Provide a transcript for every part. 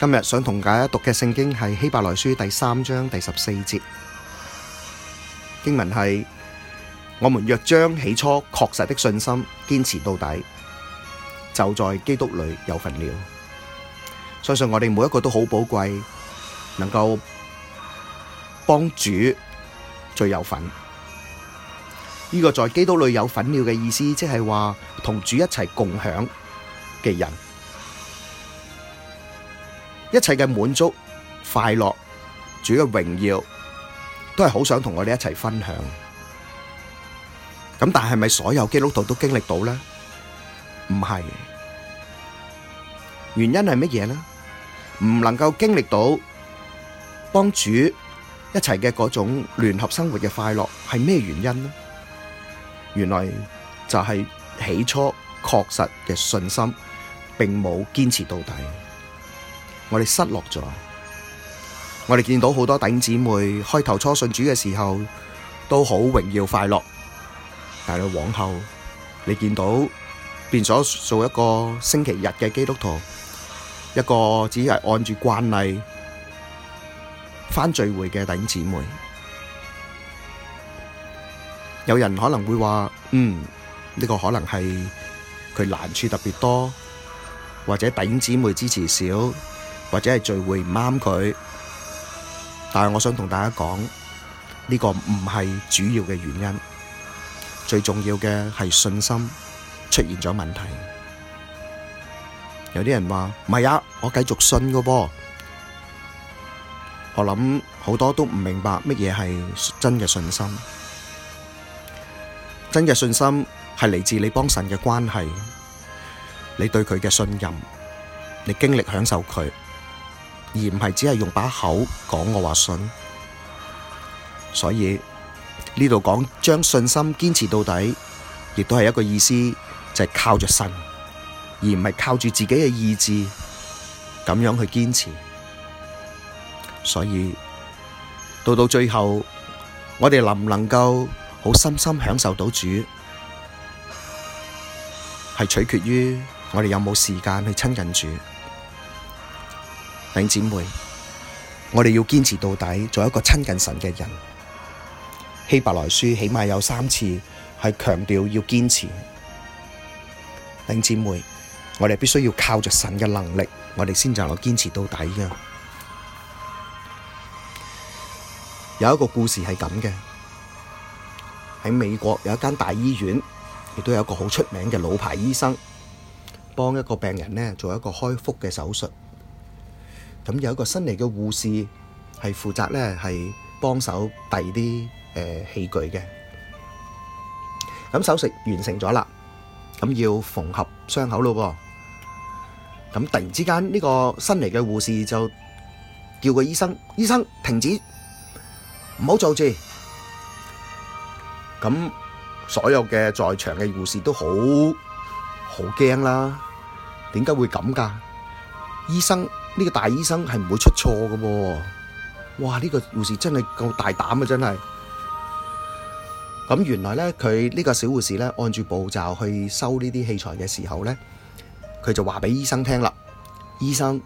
今日想同大家讀嘅聖經係希伯來書第三章第十四節經文係：我們若將起初確實的信心堅持到底，就在基督裏有份了。相信我哋每一個都好寶貴，能夠幫主最有份。呢個在基督裏有份了嘅意思，即係話同主一齊共享嘅人。一切嘅滿足、快樂、主嘅榮耀，都係好想同我哋一齊分享。咁但係咪所有基督徒都經歷到呢？唔係，原因係乜嘢呢？唔能夠經歷到幫主一齊嘅嗰種聯合生活嘅快樂，係咩原因呢？原來就係起初確實嘅信心，並冇堅持到底。我哋失落咗，我哋見到好多弟兄姊妹開頭初信主嘅時候都好榮耀快樂，但係往後你見到變咗做一個星期日嘅基督徒，一個只係按住慣例返聚會嘅弟兄姊妹，有人可能會話：嗯，呢、這個可能係佢難處特別多，或者弟兄姊妹支持少。或者係聚會唔啱佢，但係我想同大家講，呢個唔係主要嘅原因，最重要嘅係信心出現咗問題。有啲人話唔係啊，我繼續信個噃。我諗好多都唔明白乜嘢係真嘅信心，真嘅信心係嚟自你幫神嘅關係，你對佢嘅信任，你經歷享受佢。而唔係只係用把口講我話信，所以呢度講將信心堅持到底，亦都係一個意思，就係靠著信，而唔係靠住自己嘅意志咁樣去堅持。所以到到最後，我哋能唔能夠好深深享受到主，係取決於我哋有冇時間去親近主。令姊妹，我哋要堅持到底，做一個親近神嘅人。希伯來書起碼有三次係強調要堅持。令姊妹，我哋必須要靠着神嘅能力，我哋先至能夠堅持到底嘅。有一個故事係咁嘅，喺美國有一間大醫院，亦都有一個好出名嘅老牌醫生，幫一個病人呢做一個開腹嘅手術。咁有一個新嚟嘅護士係負責咧，係幫手遞啲誒器具嘅。咁手術完成咗啦，咁要縫合傷口咯噃。咁突然之間，呢個新嚟嘅護士就叫個醫生，醫生，停止，唔好做住。咁所有嘅在場嘅護士都好好驚啦。點解會咁噶？醫生。呢個大醫生係唔會出錯嘅。哦，哇！呢、呢個護士真係夠大膽啊，真係。咁原來咧，佢呢個小護士咧，按住步驟去收呢啲器材嘅時候咧，佢就話俾醫生聽啦，醫生，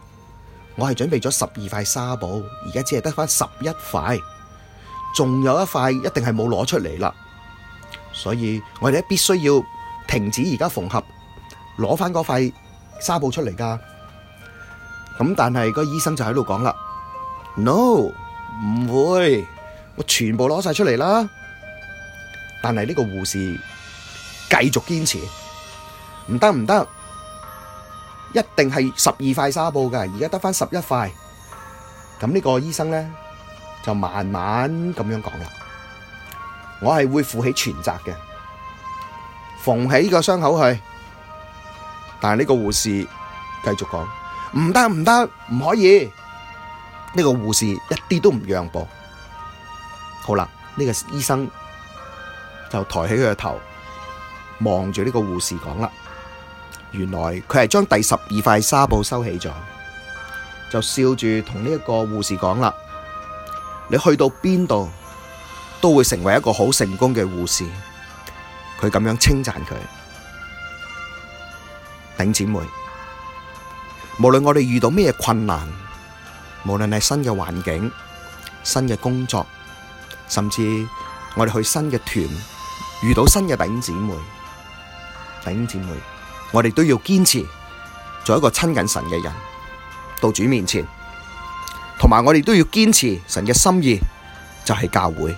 我係準備咗十二塊紗布，而家只係得翻十一塊，仲有一塊一定係冇攞出嚟啦。所以我哋咧必須要停止而家縫合，攞翻嗰塊紗布出嚟噶。咁但係個醫生就喺度講啦，No 唔會，我全部攞晒出嚟啦。但係呢個護士繼續堅持，唔得唔得，一定係十二塊紗布嘅，而家得翻十一塊。咁呢個醫生咧就慢慢咁樣講啦，我係會負起全責嘅，縫起個傷口去。但係呢個護士繼續講。唔得唔得，唔可以！呢、這個護士一啲都唔讓步。好啦，呢、這個醫生就抬起佢個頭，望住呢個護士講啦。原來佢係將第十二塊紗布收起咗，就笑住同呢一個護士講啦：你去到邊度都會成為一個好成功嘅護士。佢咁樣稱讚佢，頂姐妹。無論我哋遇到咩困難，無論係新嘅環境、新嘅工作，甚至我哋去新嘅團遇到新嘅弟兄姊妹、弟兄姊妹，我哋都要堅持做一個親近神嘅人，到主面前，同埋我哋都要堅持神嘅心意就係、是、教會，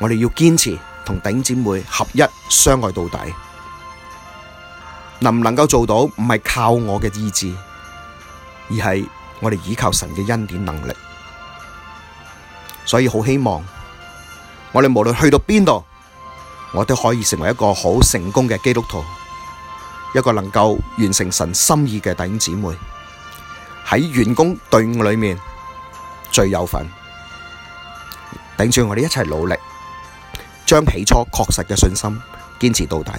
我哋要堅持同弟兄姊妹合一相愛到底。能唔能夠做到，唔係靠我嘅意志，而係我哋倚靠神嘅恩典能力。所以好希望我哋無論去到邊度，我都可以成為一個好成功嘅基督徒，一個能夠完成神心意嘅弟兄姊妹，喺員工隊伍裏面最有份。頂住我哋一齊努力，將起初確實嘅信心堅持到底。